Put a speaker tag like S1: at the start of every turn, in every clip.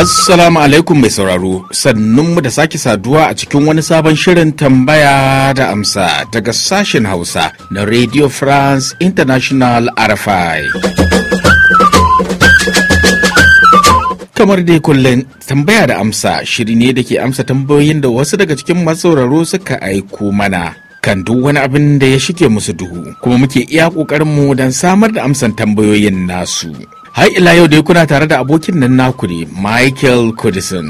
S1: Assalamu alaikum mai sauraro, sannun mu da sake saduwa a cikin wani sabon shirin tambaya da amsa daga sashen Hausa na Radio France International RFI. Kamar dai kullum tambaya da amsa shiri ne da ke amsa tambayoyin da wasu daga cikin masauraro suka aiko mana. kan duk wani abin da ya shige musu duhu kuma muke iya ƙoƙarinmu don samar da amsan tambayoyin nasu har ila yau dai kuna tare da abokin nan naku ne michael kudison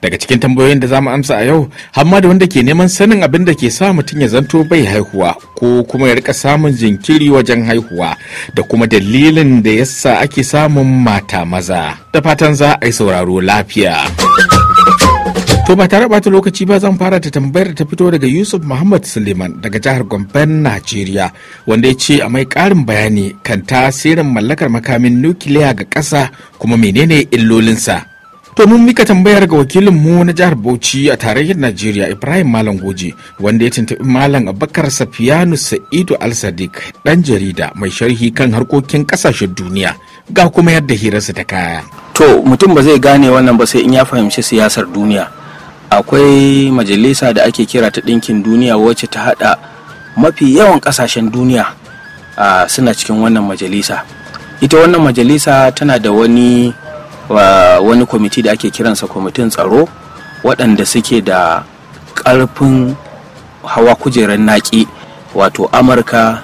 S1: daga cikin tambayoyin da za mu amsa a yau hamma da wanda ke neman sanin abin da ke sa mutum ya zanto bai haihuwa ko kuma ya rika samun jinkiri wajen haihuwa da kuma dalilin da yasa ake samun mata maza da fatan za a yi sauraro lafiya To ba tare bata lokaci ba zan fara da tambayar da ta fito daga Yusuf Muhammad Suleiman daga jihar Gomben, Najeriya, wanda ya ce a mai karin bayani kan tasirin mallakar makamin nukiliya ga ƙasa kuma menene illolinsa. To mun mika tambayar ga wakilin mu na jihar Bauchi a tarayyar Najeriya Ibrahim Malam Goje wanda ya tuntubi Malam Abubakar Safiyanu Sa'idu Al Sadiq dan jarida mai sharhi kan harkokin kasashen duniya ga kuma yadda hirarsa ta kaya.
S2: To mutum ba zai gane wannan ba sai in ya fahimci siyasar duniya. akwai majalisa da ake kira ta ɗinkin duniya wacce ta haɗa mafi yawan ƙasashen duniya suna cikin wannan majalisa ita wannan majalisa tana da wani wani kwamiti da ake kiransa kwamitin tsaro waɗanda suke da ƙarfin hawa kujerar naƙi wato amurka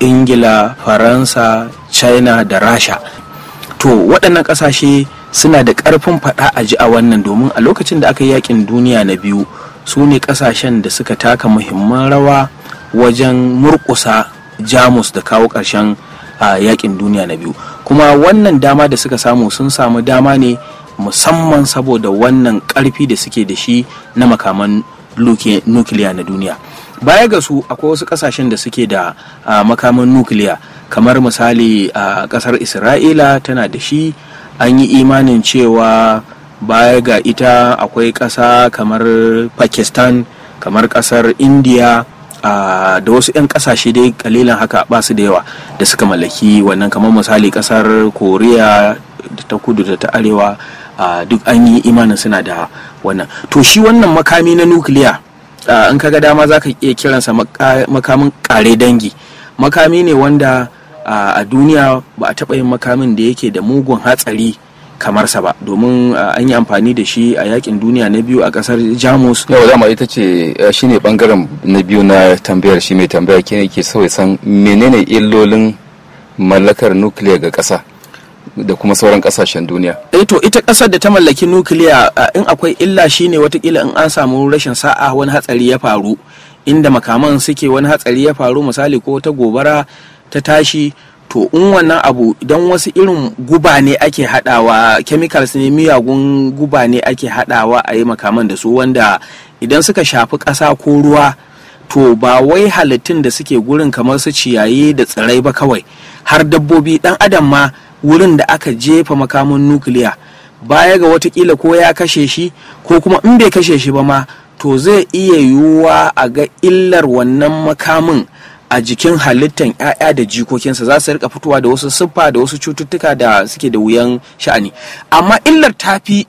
S2: ingila faransa china da rasha to waɗannan ƙasashe suna da ƙarfin faɗa a ji a wannan domin a lokacin da aka yi yakin duniya na biyu su ne ƙasashen da suka taka muhimman rawa wajen murƙusa jamus da kawo ƙarshen yakin duniya na biyu kuma wannan dama da suka samu sun samu dama ne musamman saboda wannan ƙarfi da suke da shi na makaman nukiliya na duniya baya ga su akwai wasu kasashen da suke da makaman nukiliya kamar misali a kasar isra'ila tana da shi an yi imanin cewa baya ga ita akwai ƙasa kamar pakistan kamar ƙasar india da wasu 'yan ƙasashe dai kalilan haka ba su da yawa da suka mallaki wannan kamar misali ƙasar koriya da ta kudu da ta arewa duk an yi imanin suna da wannan to shi wannan makami na nukiliya in kaga ka ga dama za ka iya kiransa makamin ƙare dangi makami ne wanda a duniya ba a taɓa yin makamin da yake da mugun hatsari
S3: kamarsa ba domin an yi amfani da shi a yakin duniya na biyu a kasar jamus yau dama ita ce shi ne bangaren na biyu na tambayar shi mai tambaya ke ke so ya san menene illolin mallakar nukiliya ga ƙasa da kuma sauran kasashen duniya
S2: eh to ita ƙasar da ta mallaki nukiliya in akwai illa shine watakila in an samu rashin sa'a wani hatsari ya faru inda makaman suke wani hatsari ya faru misali ko ta gobara ta tashi to in wannan abu idan wasu irin guba ne ake hadawa chemicals ne miyagun guba ne ake hadawa a yi makaman da su wanda idan suka shafi ƙasa ko ruwa to ba wai halittun da suke gurin kamar su ciyayi da tsirai ba kawai har dabbobi dan adam ma wurin da aka jefa makamin nukiliya baya ga watakila ko ya kashe shi ko kuma in bai kashe shi ba ma to zai iya yiwuwa a ga illar wannan makamin a jikin halittan 'ya'ya da jikokinsa za su rika fitowa da wasu siffa da wasu cututtuka da suke da wuyan sha'ani amma illar ta fi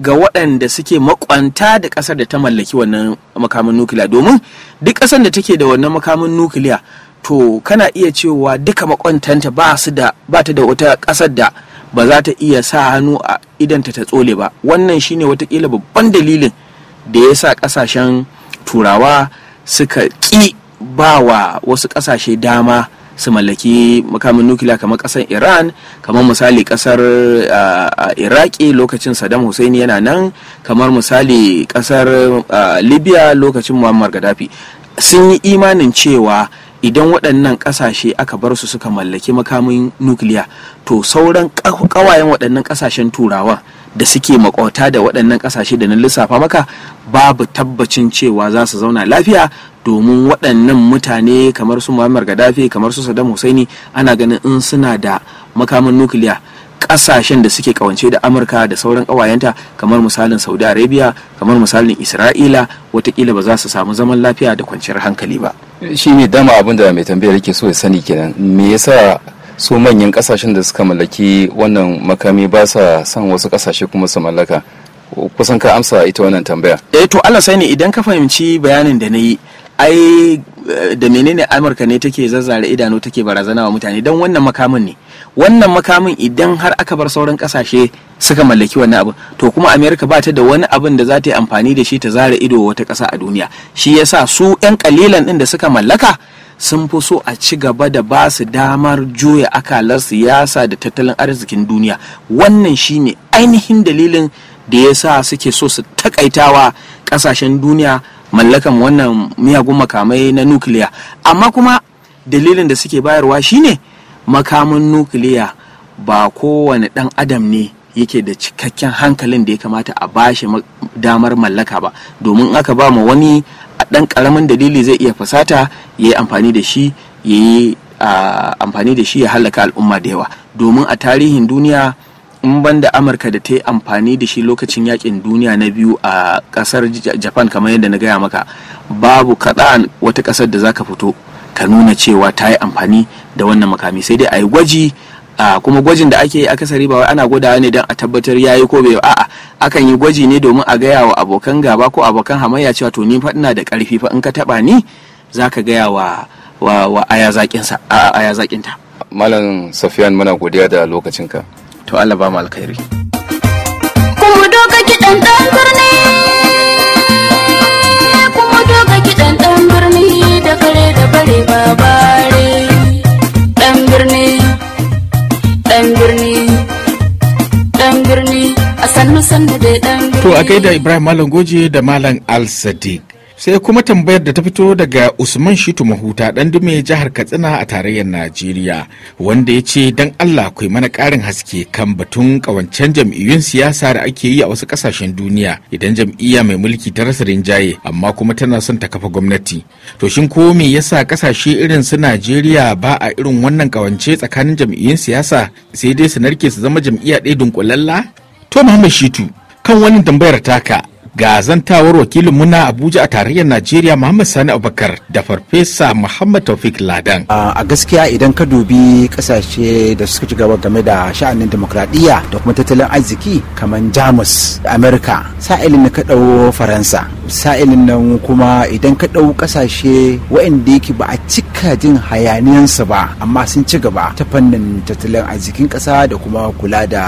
S2: ga waɗanda suke makwanta da ƙasar da ta mallaki wannan makamin nukiliya domin duk ƙasar da take da wannan makamin nukiliya to kana iya cewa duka makwantanta ba su da ba ta da wata ƙasar da ba za ta iya sa hannu a idanta ta tsole ba wannan shine watakila babban dalilin da ya sa ƙasashen turawa suka ƙi ba wa wasu ƙasashe dama su mallaki makamin nukiliya kamar kasar iran kamar misali kasar iraki lokacin saddam hussein yana nan kamar misali kasar libya lokacin muammar gaddafi sun yi imanin cewa idan waɗannan ƙasashe aka bar su suka mallaki makamin nukiliya to sauran ƙawayen waɗannan ƙasashen turawan da suke makauta da waɗannan ƙasashe da na lissafa maka babu tabbacin cewa za su zauna lafiya domin waɗannan mutane kamar su muhammad gaddafi kamar su saddam husaini ana ganin in suna da makamin nukiliya ƙasashen da suke kawance da amurka da sauran ƙawayenta kamar misalin saudi arabia kamar misalin isra'ila
S3: watakila ba za su samu zaman lafiya da kwanciyar hankali ba shi ne dama abin da mai tambayar yake so ya sani kenan me yasa su manyan ƙasashen da suka mallaki wannan makami ba sa son wasu ƙasashe kuma su mallaka kusan ka amsa ita wannan tambaya eh to allah sai ne
S2: idan ka fahimci bayanin da na yi ai da menene amurka ne take zazzare idanu take barazana wa mutane don wannan makamin ne wannan makamin idan har aka bar sauran kasashe suka mallaki wannan abu to kuma amerika ba ta da wani abin da za ta yi amfani da shi ta zare ido wata ƙasa a duniya shi yasa su 'yan kalilan ɗin da suka mallaka sun fi so a ci gaba da ba su damar juya akalar siyasa da tattalin arzikin duniya wannan shine ainihin dalilin da ya sa suke so su takaitawa kasashen duniya mallakan wannan miyagun makamai na nukiliya amma kuma dalilin da suke bayarwa shine makamin nukiliya ba kowane ɗan adam ne yake da cikakken hankalin da ya kamata a bashi damar mallaka ba domin aka ba ma wani a ɗan karamin dalili zai iya fasata ya yi amfani da shi ya yi ah, amfani da shi ya hallaka al'umma da yawa domin a tarihin duniya in banda amurka da ta yi amfani da shi lokacin yakin duniya na biyu a kasar japan kamar yadda na gaya maka babu kaɗan wata kasar da zaka fito ka nuna cewa ta yi amfani da wannan makami sai dai a yi gwaji a kuma gwajin da ake yi akasari ba wai ana gwadawa ne don a tabbatar ya yi ko bai a'a akan yi gwaji ne domin a gaya wa abokan gaba ko abokan hamayya cewa to ni faɗina da ƙarfi fa in ka taɓa ni za ka gaya wa wa, wa aya
S3: zaƙinta malam safiyan muna godiya da lokacinka to Allah ba mu alkhairi
S2: kuma
S4: doka kiɗan ɗan birni kuma doka kiɗan ɗan birni da kare da bare ba bare ɗan birni ɗan birni ɗan birni a sannu sannu da ɗan birni to a
S1: da Ibrahim Malam Goje da Malam Al Sadiq sai kuma tambayar da ta fito daga usman shitu mahuta dan dume jihar katsina a tarayyar najeriya wanda ya ce dan allah kai mana karin haske kan batun kawancen jam'iyyun siyasa da ake yi a wasu kasashen duniya idan jam'iyya mai mulki ta rasa rinjaye amma kuma tana son ta kafa gwamnati to shin ko me yasa kasashe irin su najeriya ba a irin wannan kawance tsakanin jam'iyyun siyasa sai dai su narke su zama jam'iyya ɗaya dunkulalla to muhammad shitu kan wannan tambayar taka ga zantawar wakilin muna abuja a tarayyar najeriya muhammad sani abubakar da farfesa muhammad taufik ladan
S5: a gaskiya idan ka dubi kasashe da suka ci gaba game da sha'anin demokradiyya da kuma tattalin arziki kamar jamus america sa'ilin na ka faransa sa'ilin nan kuma idan ka ɗau kasashe waɗanda yake ba a cika jin hayaniyansa ba amma sun ci gaba ta fannin tattalin arzikin ƙasa da kuma kula da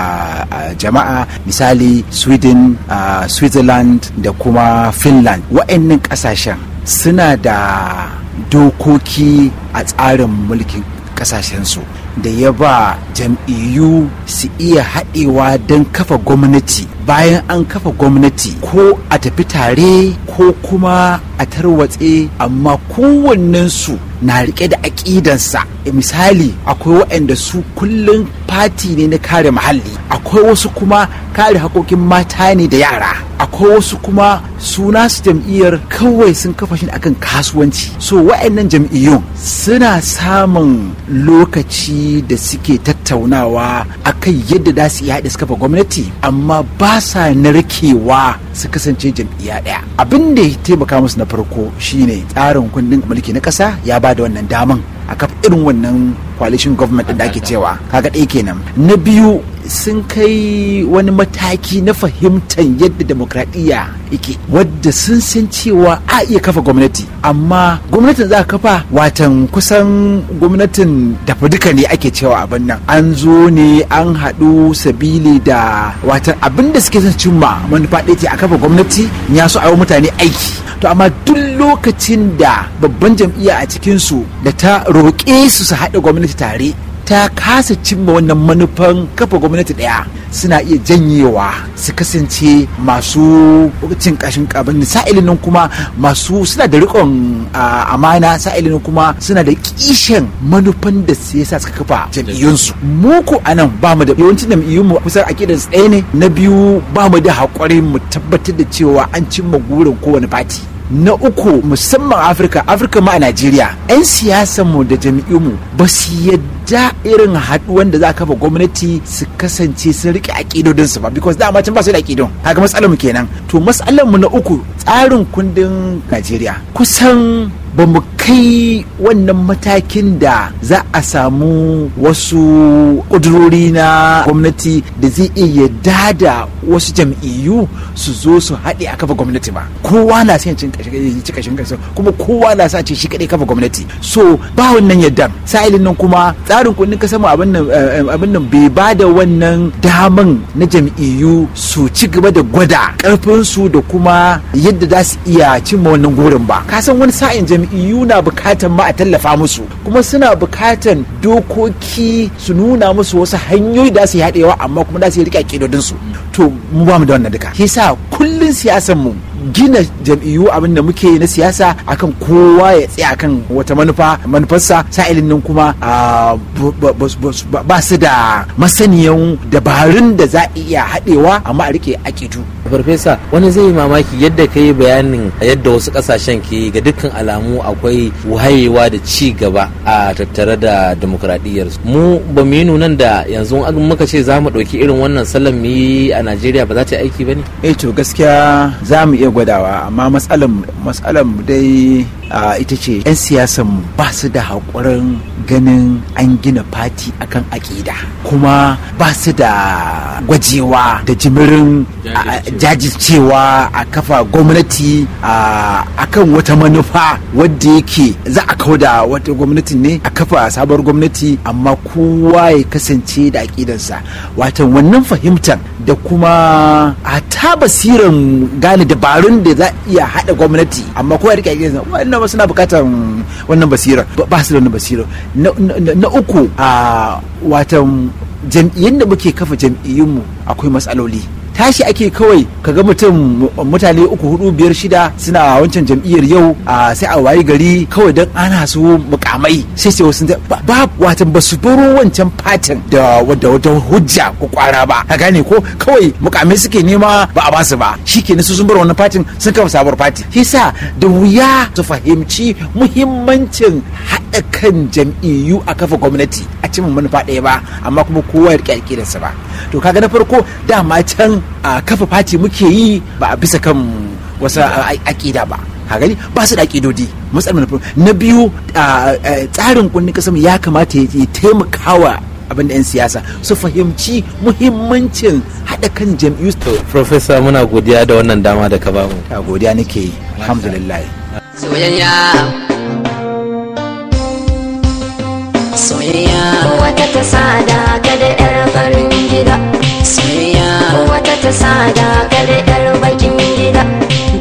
S5: jama'a misali sweden switzerland Iceland da kuma Finland wa'annan ƙasashen suna da dokoki a tsarin mulkin ƙasashensu da ya ba jam'iyyu su iya haɗewa don kafa gwamnati bayan an kafa gwamnati ko a tafi tare ko kuma a tarwatse amma kowannensu na rike da aƙidansa e, misali akwai waɗanda su kullum fati ne na kare muhalli akwai wasu kuma kare haƙoƙin mata ne da yara akwai wasu kuma suna su jam'iyyar kawai sun kafa shi akan kasuwanci so wa'annan jam'iyyun suna samun lokaci da suke tattaunawa akan yadda za su haɗe su kafa gwamnati amma ba sa narkewa su kasance jam'iyya ɗaya abin da ya taimaka musu na farko shine tsarin kundin mulki na ƙasa ya ba da wannan daman a kafa irin wannan coalition government da ake cewa kaga ɗaya kenan na biyu sun kai wani mataki na fahimtar yadda demokradiyya yake wadda sun san cewa a iya kafa gwamnati amma gwamnatin za a kafa watan kusan gwamnatin dafa duka ne ake cewa abin nan an zo ne an haɗu sabili da watan abin da suke son cimma manufa ɗaya ce a kafa gwamnati ya so a mutane aiki to amma duk lokacin da babban jam'iyya a cikinsu da ta roƙe su su haɗa gwamnati tare ta kasa cimma wannan manufan kafa gwamnati ɗaya suna iya janyewa su kasance masu cin kashin kabin sa'ilin nan kuma masu suna da rikon amana sa'ilin nan kuma suna da kishin manufan da su yasa suka kafa jam'iyyunsu mu ku anan ba mu da yawancin jam'iyyunmu kusan akidan ɗaya ne na biyu ba mu da haƙuri mu tabbatar da cewa an cimma gurin kowane fati na uku musamman afirka afirka ma a najeriya 'yan siyasanmu da jami'inmu ba su yadda irin haɗuwan da za kafa gwamnati su kasance sun riƙe aƙidodinsu ba because dama can ba su da aƙidon haka matsalar mu kenan to matsalar mu na uku tsarin kundin najeriya kusan ba mu kai wannan matakin da za a samu wasu ƙudurori na gwamnati da zai iya dada wasu jam'iyyu su zo su haɗe a kafa gwamnati ba kowa na son cin kashin kansa kuma kowa na sa ce shi kaɗai kafa gwamnati so ba wannan yadda sa'ilin nan kuma tsarin kundin ka samu eh, abin nan bai ba da wannan daman na jam'iyyu su ci gaba da gwada ƙarfinsu da kuma yadda za su iya cimma wannan gurin ba ka san wani sa'in jam'iyyu na suna bukatan ma a tallafa musu kuma suna bukatan dokoki su nuna musu wasu hanyoyi da su yaɗewa amma kuma da su yi riƙe su to mu ba mu da wannan duka shi sa kullun siyasan mu gina jam'iyyu abin da muke na siyasa akan kowa ya tsaya akan wata manufa manufarsa sa'ilin nan kuma ah, ba su da masaniyan dabarun da za a iya haɗewa amma a rike akidu
S2: farfesa wani zai mamaki yadda ka yi bayanin yadda wasu kasashen ke ga dukkan alamu akwai wayewa da ci gaba a tattare da demokradiyyar mu ba mu yi nunan da yanzu an muka ce za mu ɗauki irin wannan salon mu
S5: yi a najeriya ba za ta yi aiki ba ne eh to gaskiya za mu iya gwadawa amma matsalan dai ita ce 'yan siyasan ba su da haƙurin ganin an gina fati akan aƙida kuma ba su da gwajewa da jimirin jajircewa a kafa gwamnati a kan wata manufa wadda yake za a da wata gwamnati ne a kafa sabuwar gwamnati amma kowa ya kasance da aƙidansa wata wannan fahimtar da kuma a ta basiran gane dabaru. abin da za iya haɗa gwamnati amma kowa rike yanzu. zan wannan ba suna bukatar wannan basira ba su da wannan basira na uku a watan jam'iyyun da muke kafa jam'iyyunmu akwai matsaloli tashi ake kawai ka ga mutum mutane uku hudu biyar shida suna wancan jam'iyyar yau sai a wayi gari kawai don ana su mukamai sai sai wasu ba watan ba su baro wancan fatin da wadda wata hujja ko kwara ba ka gane ko kawai mukamai suke nema ba a basu ba shikenan su sun bar wannan fatin sun kafa sabuwar fati sa da wuya su fahimci muhimmancin haɗa kan jam'iyyu a kafa gwamnati a cimma manufa ɗaya ba amma kuma kowa ya riƙe ba to kaga na farko dama can a kafa fati muke yi ba a bisa kan wasu aƙida ba gani ba su da ƙidodi matsalar na na biyu tsarin kundin kasar ya kamata ya taimakawa abin da 'yan siyasa su fahimci muhimmancin haɗa kan jam'iyyu. Profesa muna godiya da wannan dama da ka bamu. A godiya nake yi, alhamdulillah. Soyayya. Soyayya. wata ta sada ka da yar farin gida wata ta sada ka da yar bakin gida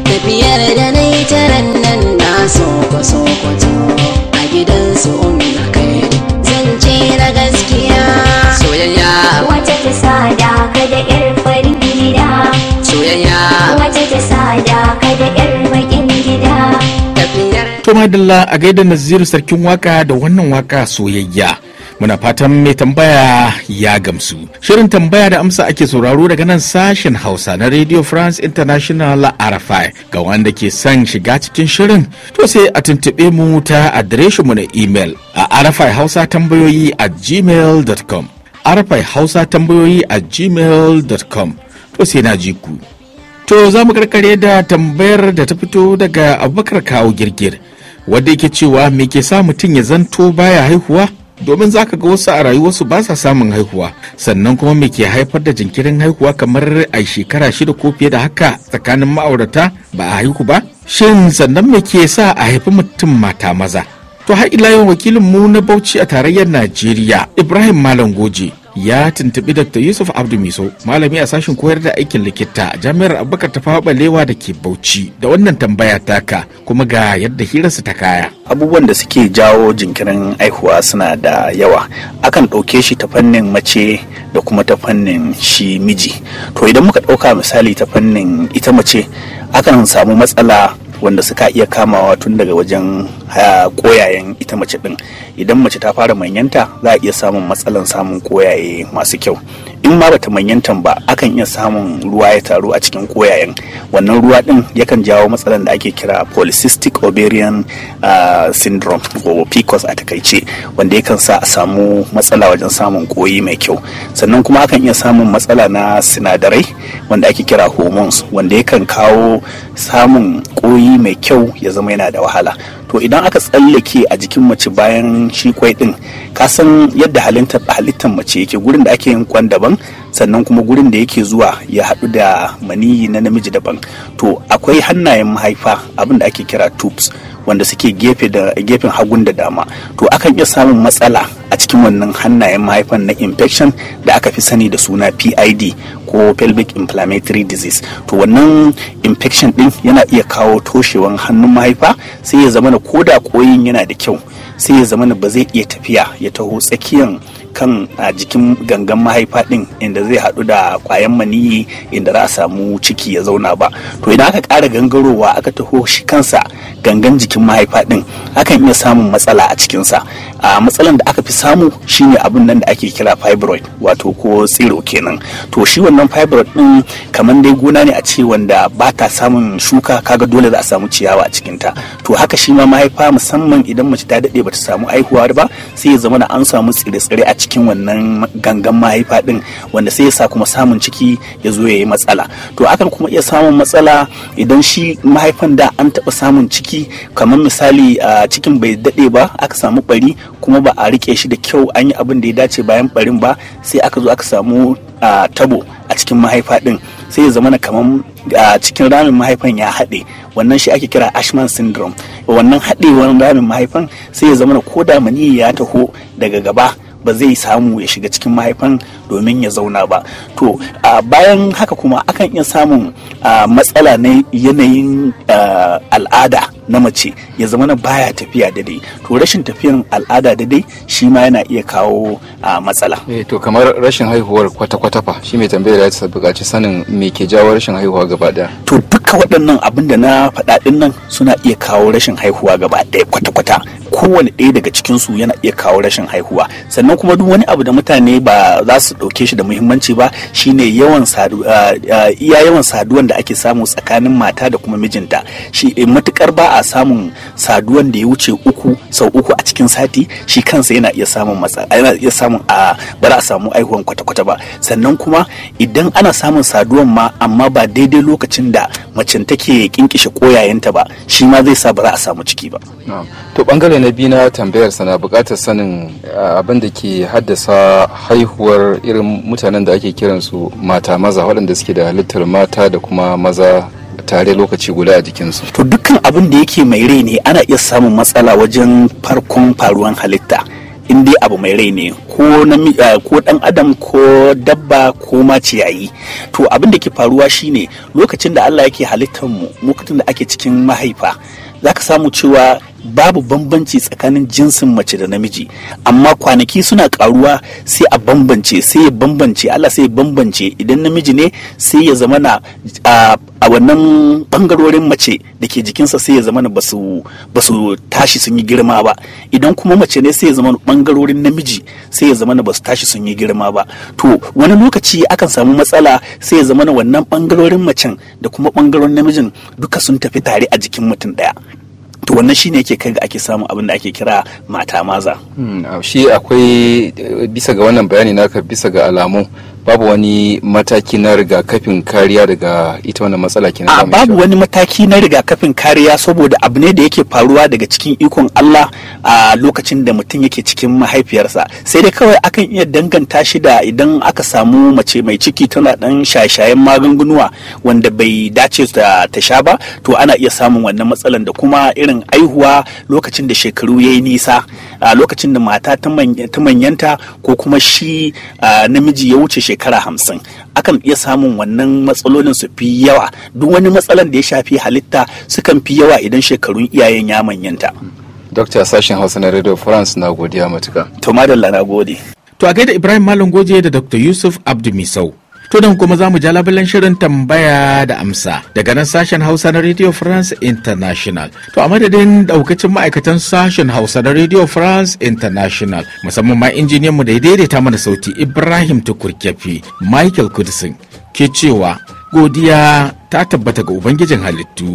S5: tafiyar da na yi taran nan na soko sokoto a gidan su umi a kai zan ce na gaskiya soyayya wata ta sada ka da yar farin gida soyayya wata ta sada ka da yar bakin gida
S1: to madalla a gaida naziru sarkin waka da wannan waka soyayya muna fatan mai tambaya ya gamsu shirin tambaya da amsa ake sauraro daga nan sashen hausa na radio france international rfi ga wanda ke son shiga cikin shirin to sai a tuntube mu ta adireshinmu na imel a rfi hausa tambayoyi a gmail.com rfi hausa tambayoyi a gmail.com to sai na ji ku to za mu karkare da tambayar da ta fito daga abubakar kawo girgir wadda yake cewa me ke sa mutum ya zanto baya haihuwa domin za ka ga wasu a rayuwarsu ba sa samun haihuwa sannan kuma me ke haifar da jinkirin haihuwa kamar a shekara shida ko fiye da haka tsakanin ma'aurata ba a haihu ba shin sannan me ke sa a haifi mutum mata maza to har ila yau wakilin mu na bauchi a tarayyar najeriya ibrahim malam goje ya tuntubi Dr. Yusuf Abdu Miso, malami a sashen koyar da aikin likita a Jami'ar Abubakar ta fawa balewa da ke Bauchi da wannan tambaya taka kuma ga yadda hirarsa ta kaya.
S4: Abubuwan da suke jawo jinkirin aihuwa suna da yawa. Akan ɗauke shi ta fannin mace da kuma ta fannin shi miji. To idan muka ɗauka misali ta fannin ita mace akan samu matsala wanda suka iya kamawa tun daga wajen ah, koyayen ita mace din idan mace ta fara manyanta za a iya samun matsalan samun koyaye masu kyau in ma bata manyantan ba akan iya samun ruwa ya taru a cikin koyayen wannan ruwa din yakan jawo matsalan da ake kira polycystic ovarian ah, syndrome ko pcos a takaice wanda yakan sa a samu matsala wajen samun koyi mai kyau sannan kuma akan iya samun matsala na sinadarai wanda ake kira hormones wanda yakan kawo samun koyi mai kyau ya zama yana da wahala to idan aka tsallake a jikin mace bayan shi kwai din ka san yadda halittar halittar mace yake gurin da ake yin kwan daban sannan kuma gurin da yake zuwa ya haɗu da maniyi na namiji daban to akwai hannayen mahaifa abin da ake kira tubes wanda suke gefe da gefen hagun da dama to akan iya samun matsala a cikin wannan hannayen mahaifan na infection da aka fi sani da suna PID ko pelvic inflammatory disease to wannan infection din yana iya kawo toshewan hannun mahaifa sai ya zama da koda koyin yana da kyau sai ya zama ba zai iya tafiya ya taho tsakiyan kan a jikin gangan mahaifa ɗin, inda zai haɗu da kwayan maniyyi inda za a samu ciki ya zauna ba to idan aka ƙara gangarowa aka taho shi kansa gangan jikin mahaifa ɗin? akan iya samun matsala a cikinsa a matsalan da aka fi samu shine abin nan da ake kira fibroid wato ko tsiro kenan to shi wannan fibroid din kamar dai gona ne a ce wanda ba ta samun shuka kaga dole za a samu ciyawa a cikinta to haka shi ma mahaifa musamman idan mace ta daɗe ta samu aihuwa ba sai ya zama an samu tsire-tsire a cikin wannan gangan mahaifa din wanda sai ya sa kuma samun ciki ya zo ya yi matsala to akan kuma iya samun matsala idan shi mahaifan da an taba samun ciki kamar misali a cikin bai daɗe ba aka samu bari kuma ba a rike shi da kyau an yi abin da ya dace bayan barin ba sai aka zo aka samu tabo a cikin mahaifa ɗin sai ya zama kamar a cikin ramin mahaifan ya haɗe wannan shi ake kira ashman syndrome wannan haɗewar ramin mahaifan sai ya zama ko da maniyyi ya taho daga gaba ba zai samu ya shiga cikin mahaifan domin ya zauna ba to a bayan haka kuma akan iya samun matsala na yanayin al'ada na mace ya zama na baya tafiya da dai, to rashin tafiyan al'ada da dai shi ma yana iya kawo matsala
S3: eh, to kamar rashin haihuwar kwata-kwata fa shi mai tambayar ya ta buƙaci sanin me ke jawo rashin haihuwa gaba daya to duka waɗannan abin da na faɗa ɗin nan suna
S4: iya kawo rashin haihuwa gaba daya kwata-kwata kowane ɗaya daga cikin su yana iya kawo rashin haihuwa sannan kuma duk wani abu da mutane ba za su ɗauke shi da muhimmanci ba shine yawan iya yawan saduwan da ake samu tsakanin mata da kuma mijinta shi eh, matukar ba a samun saduwan da ya wuce uku sau uku a cikin sati shi kansa yana iya samun matsa yana iya samun a ba za a samu aihuwan kwata-kwata ba sannan kuma idan ana samun saduwan ma amma ba daidai lokacin da macen take kinkishe koyayenta ba shi ma
S3: zai sa ba za a samu ciki ba to bangare na biyu na tambayar sana bukatar sanin abin da ke haddasa haihuwar irin mutanen da ake kiransu mata maza waɗanda suke da halittar mata da kuma maza tare lokaci guda a jikinsu. To dukkan abin da yake mai rai ne ana iya samun matsala wajen farkon faruwan halitta. in dai abu
S4: mai rai ne ko eh, ko dan adam ko dabba ko ma ciyayi to abin da ke faruwa shine lokacin da Allah yake halittar mu lokacin da ake cikin mahaifa za ka samu cewa babu bambanci tsakanin jinsin mace da namiji amma kwanaki suna karuwa sai a bambance sai ya bambance Allah sai ya bambance idan namiji ne sai ya zama na a wannan bangarorin mace da ke jikinsa sai ya zama na basu tashi sun yi girma ba idan kuma mace ne sai ya zama bangarorin namiji sai ya zama na basu tashi sun yi girma ba to wani lokaci akan samu matsala sai ya zama na wannan bangarorin macen da kuma bangarorin namijin duka sun tafi tare a jikin mutum daya
S3: to wannan shine yake kai ga ake samun abin da ake kira mata maza hmm, shi akwai eh, bisa ga wannan bayani naka bisa ga alamu babu wani mataki na rigakafin kariya daga ita wannan matsala kenan a
S4: babu wani mataki na rigakafin kariya saboda abu ne da yake faruwa daga cikin ikon Allah a lokacin da mutum yake cikin mahaifiyarsa sai dai kawai akan iya danganta shi da idan aka samu mace mai ciki tana dan shaye-shayen magungunuwa wanda bai dace ta sha ba to ana iya samun wannan matsalan da kuma irin wannan aihuwa lokacin da shekaru ya yi nisa a lokacin da mata ta manyanta ko kuma shi namiji ya wuce shekara hamsin akan iya samun wannan matsalolin su fi yawa duk wani matsalan da ya shafi halitta sukan fi yawa idan
S1: shekarun iyayen ya manyanta. Dokta sashen Hausa na Radio France na godiya matuka. To madalla na gode. To a gaida Ibrahim Malam Goje da Dr. Yusuf Abdu Misau. to Tunan kuma za mu ja labulen shirin tambaya da amsa daga nan sashen Hausa na Radio France International. To a madadin daukacin ma'aikatan sashen Hausa na Radio France International musamman ma injiniyan mu da ya daidaita mana sauti Ibrahim Tukurkefi Michael kudsin ke cewa godiya ta tabbata ga Ubangijin halittu.